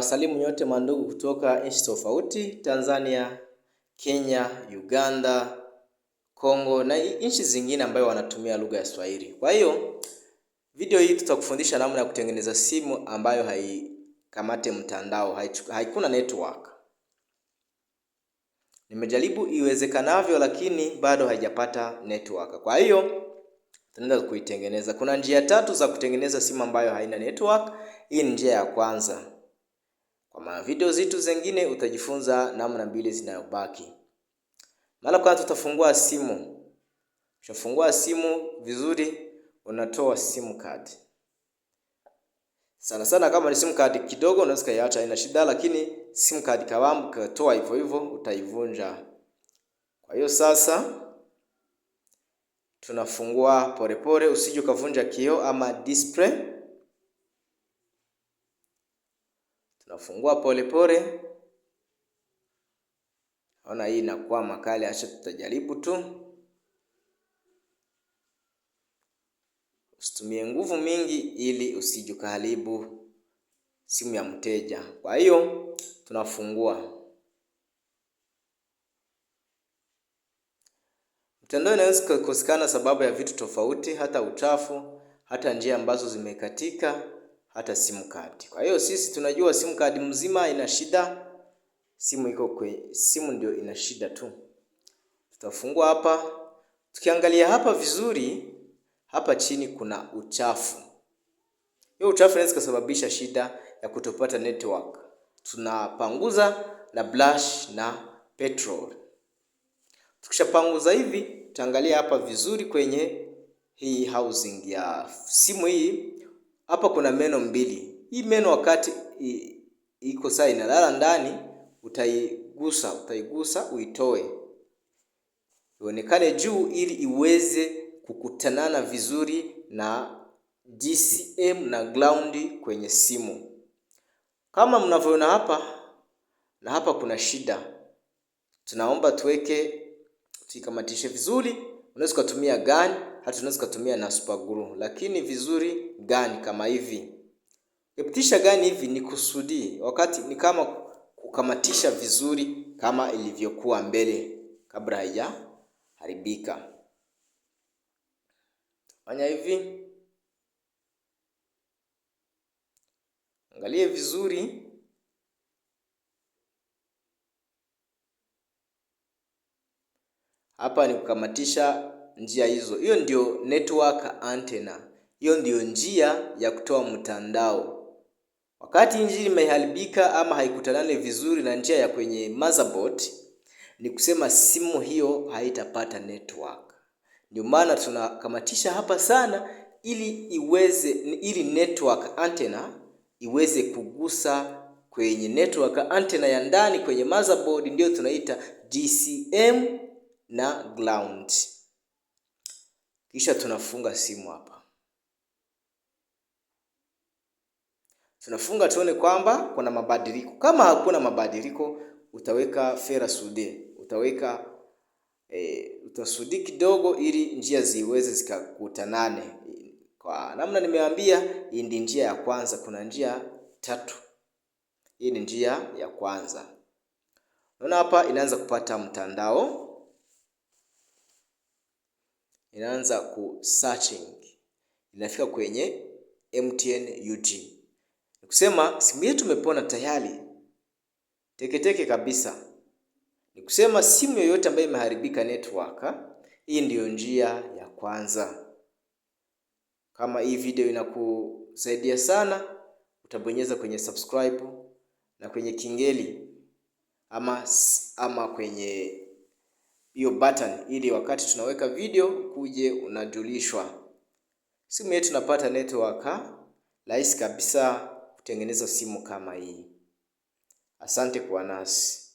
wasalimu nyote mandugu kutoka nchi tofauti, Tanzania, Kenya, Uganda, Kongo na nchi zingine ambayo wanatumia lugha ya Kiswahili. Kwa hiyo video hii tutakufundisha namna ya kutengeneza simu ambayo haikamate mtandao, haikuna network. Nimejaribu iwezekanavyo, lakini bado haijapata network. Kwa hiyo tunaenda kuitengeneza. Kuna njia tatu za kutengeneza simu ambayo haina network. Hii ni njia ya kwanza. Kwa video zetu zingine utajifunza namna mbili zinayobaki. Mara kwa tutafungua simu. Ukishafungua simu vizuri, unatoa sim card. Sana sana kama ni sim card kidogo unaweza kaiacha haina shida, lakini sim card kawamu katoa hivyo hivyo utaivunja. Kwa hiyo sasa tunafungua polepole, usije ukavunja kioo ama display. tunafungua polepole. ona hii inakuwa makali, acha tutajaribu tu, usitumie nguvu mingi ili usije simu ya mteja. Kwa hiyo tunafungua mtandao inaweza kukosekana sababu ya vitu tofauti, hata uchafu, hata njia ambazo zimekatika hata SIM card. Kwa hiyo sisi tunajua SIM card mzima ina shida, simu iko kwe, simu ndio ina shida tu. Tutafungua hapa, tukiangalia hapa vizuri, hapa chini kuna uchafu. Hiyo uchafu inaweza kusababisha shida ya kutopata network. Tunapanguza na blush na petrol. Tukishapanguza hivi, tutaangalia hapa vizuri kwenye hii housing ya simu hii hapa kuna meno mbili. Hii meno wakati iko saa inalala ndani, utaigusa utaigusa uitoe ionekane juu, ili iweze kukutanana vizuri na GCM na ground kwenye simu, kama mnavyoona hapa. Na hapa kuna shida, tunaomba tuweke tuikamatishe vizuri Unaweza ukatumia gani, hata unaweza ukatumia na super glue, lakini vizuri gani kama hivi. Kupitisha gani hivi ni kusudi, wakati ni kama kukamatisha vizuri kama ilivyokuwa mbele kabla haijaharibika. Fanya hivi, angalie vizuri. Hapa ni kukamatisha njia hizo. Hiyo ndio network antenna, hiyo ndio njia ya kutoa mtandao. Wakati injili imeharibika ama haikutanane vizuri na njia ya kwenye motherboard, ni kusema simu hiyo haitapata network. Ndio maana tunakamatisha hapa sana, ili iweze ili network antenna iweze kugusa kwenye network antenna ya ndani kwenye motherboard, ndio tunaita DCM na ground, kisha tunafunga simu hapa. Tunafunga tuone kwamba kuna mabadiliko. Kama hakuna mabadiliko, utaweka fera sude, utaweka e, eh, utasudi kidogo, ili njia ziweze zikakutanane. Kwa namna nimeambia, hii ndi njia ya kwanza. Kuna njia tatu, hii ni njia ya kwanza. Unaona hapa inaanza kupata mtandao inaanza ku searching, inafika kwenye MTN UT. Ni kusema simu yetu imepona tayari teketeke teke kabisa. Ni kusema simu yoyote ambayo imeharibika network, hii ndiyo njia ya kwanza. Kama hii video inakusaidia sana, utabonyeza kwenye subscribe na kwenye kingeli ama, ama kwenye hiyo button, ili wakati tunaweka video kuje unajulishwa. Simu yetu napata network. Rahisi kabisa kutengeneza simu kama hii. Asante kwa nasi.